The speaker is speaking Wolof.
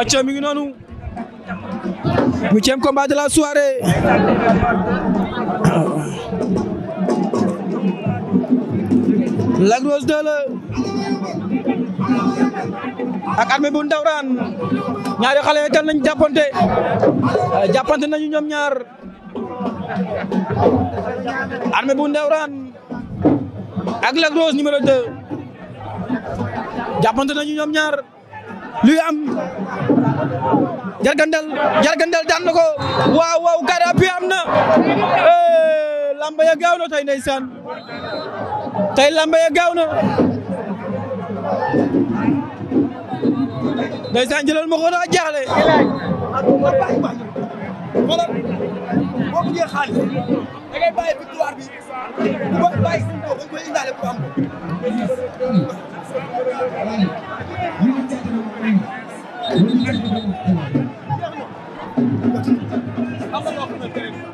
acca mi ngi noonu huitième combat de la soirée Lac Rose ak Armé bu Ndawraan ñaari xale yi tan nañ euh, jàppante nañu ñoom ñaar Armé bu Ndawraan ak Lac Rose numéro 2 nañu ñoom ñaar luy am jargandel jargandel daan na ko waaw waaw karapi am na eh, lamba ya na tey ndeysaan tey lamba ya na ndeysaan jëlal ma ko Thank you.